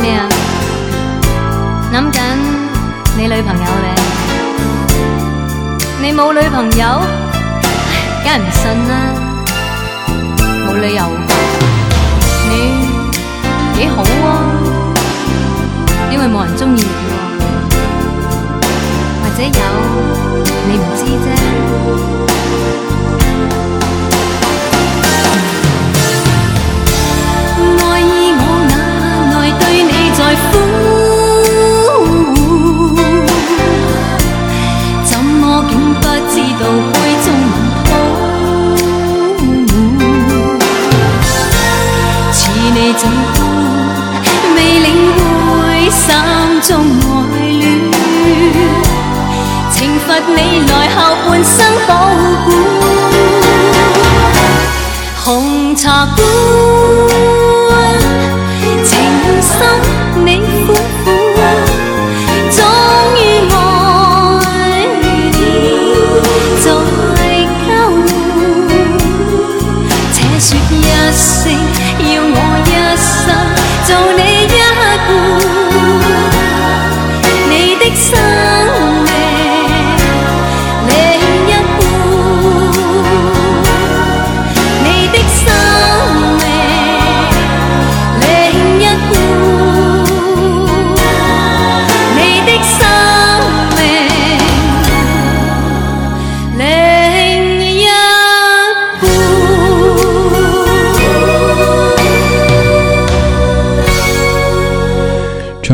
咩啊？諗緊你女朋友咧？你冇女朋友，梗係唔信啦，冇理由，你幾好啊？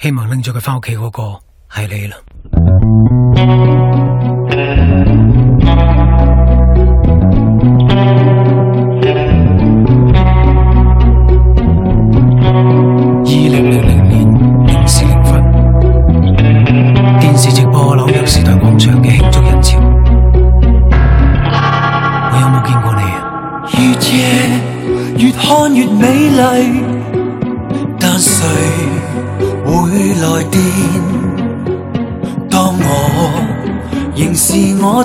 希望拎咗佢返屋企嗰個係你啦。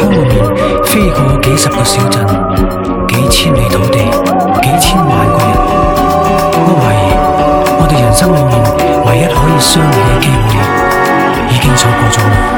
風裏面飛過幾十個小鎮，幾千里土地，幾千萬個人，我懷疑我哋人生裏面唯一可以相遇嘅機會已經錯過咗。